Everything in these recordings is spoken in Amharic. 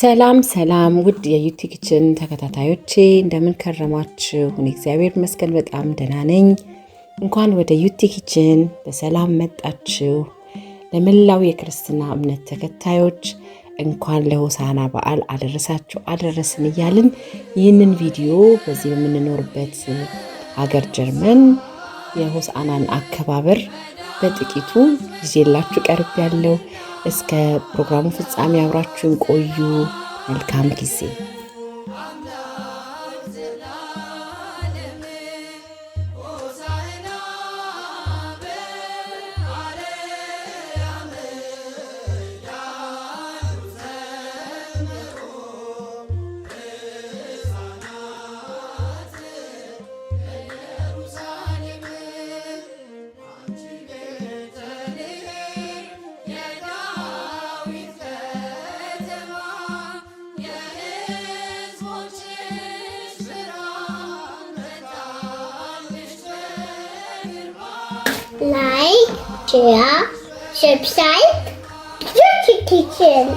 ሰላም ሰላም ውድ የዩቲ ኪችን ተከታታዮቼ እንደምን ከረማችሁ? እግዚአብሔር ይመስገን በጣም ደህና ነኝ። እንኳን ወደ ዩቲ ኪችን በሰላም መጣችሁ። ለመላው የክርስትና እምነት ተከታዮች እንኳን ለሆሳና በዓል አደረሳችሁ አደረስን እያልን ይህንን ቪዲዮ በዚህ በምንኖርበት ሀገር ጀርመን የሆሳናን አከባበር በጥቂቱ ይዤላችሁ ቀርብ ያለው እስከ ፕሮግራሙ ፍጻሜ አብራችሁን ቆዩ። መልካም ጊዜ like, share, subscribe, Dirty Kitchen.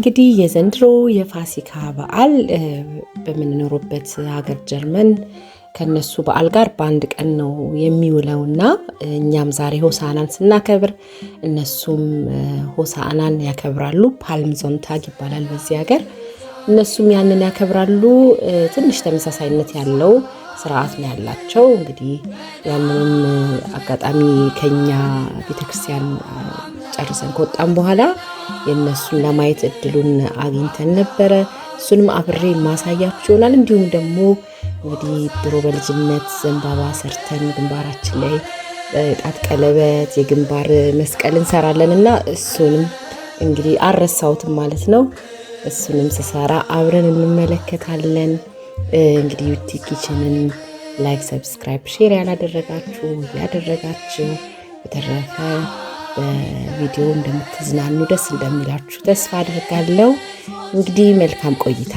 እንግዲህ የዘንድሮ የፋሲካ በዓል በምንኖርበት ሀገር ጀርመን ከነሱ በዓል ጋር በአንድ ቀን ነው የሚውለው እና እኛም ዛሬ ሆሳናን ስናከብር እነሱም ሆሳናን ያከብራሉ። ፓልም ዞንታግ ይባላል በዚህ ሀገር። እነሱም ያንን ያከብራሉ። ትንሽ ተመሳሳይነት ያለው ስርዓት ነው ያላቸው። እንግዲህ ያንንም አጋጣሚ ከኛ ቤተክርስቲያን ጨርሰን ከወጣም በኋላ የእነሱን ለማየት እድሉን አግኝተን ነበረ። እሱንም አብሬ ማሳያችሁ ይሆናል። እንዲሁም ደግሞ እንግዲህ ድሮ በልጅነት ዘንባባ ሰርተን ግንባራችን ላይ ጣት ቀለበት፣ የግንባር መስቀል እንሰራለን እና እሱንም እንግዲህ አረሳውትም ማለት ነው። እሱንም ስሰራ አብረን እንመለከታለን። እንግዲህ ዩቲ ኪችንን ላይክ፣ ሰብስክራይብ፣ ሼር ያላደረጋችሁ ያደረጋችሁ በተረፈ በቪዲዮ እንደምትዝናኑ ደስ እንደሚላችሁ ተስፋ አድርጋለሁ። እንግዲህ መልካም ቆይታ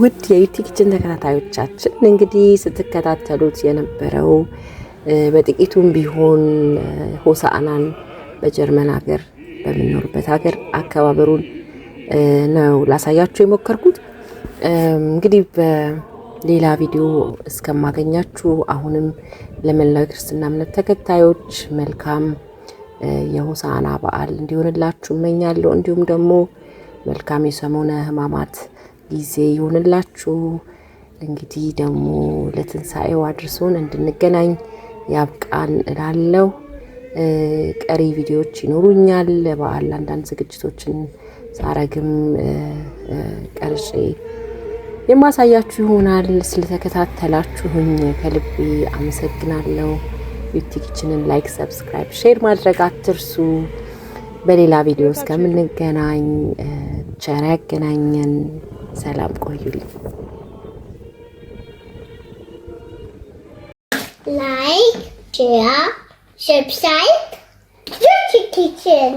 ውድ የዩቲ ኪችን ተከታታዮቻችን እንግዲህ ስትከታተሉት የነበረው በጥቂቱም ቢሆን ሆሳዕናን በጀርመን ሀገር በምንኖርበት ሀገር አከባበሩን ነው ላሳያችሁ የሞከርኩት። እንግዲህ በሌላ ቪዲዮ እስከማገኛችሁ አሁንም ለመላው ክርስትና እምነት ተከታዮች መልካም የሆሳዕና በዓል እንዲሆንላችሁ እመኛለሁ። እንዲሁም ደግሞ መልካም የሰሙነ ሕማማት ጊዜ ይሁንላችሁ። እንግዲህ ደግሞ ለትንሣኤው አድርሶን እንድንገናኝ ያብቃን እላለሁ። ቀሪ ቪዲዮዎች ይኖሩኛል። ለበዓል አንዳንድ ዝግጅቶችን ሳረግም ቀርጬ የማሳያችሁ ይሆናል። ስለተከታተላችሁኝ ከልቤ አመሰግናለሁ። ቢዩቲ ኪችንን ላይክ፣ ሰብስክራይብ፣ ሼር ማድረግ አትርሱ። በሌላ ቪዲዮ እስከምንገናኝ ቸር ያገናኘን። ሰላም ቆዩልኝ። ላይክ ሼር ሰብስክራይብ ዩቲዩብ ኪችን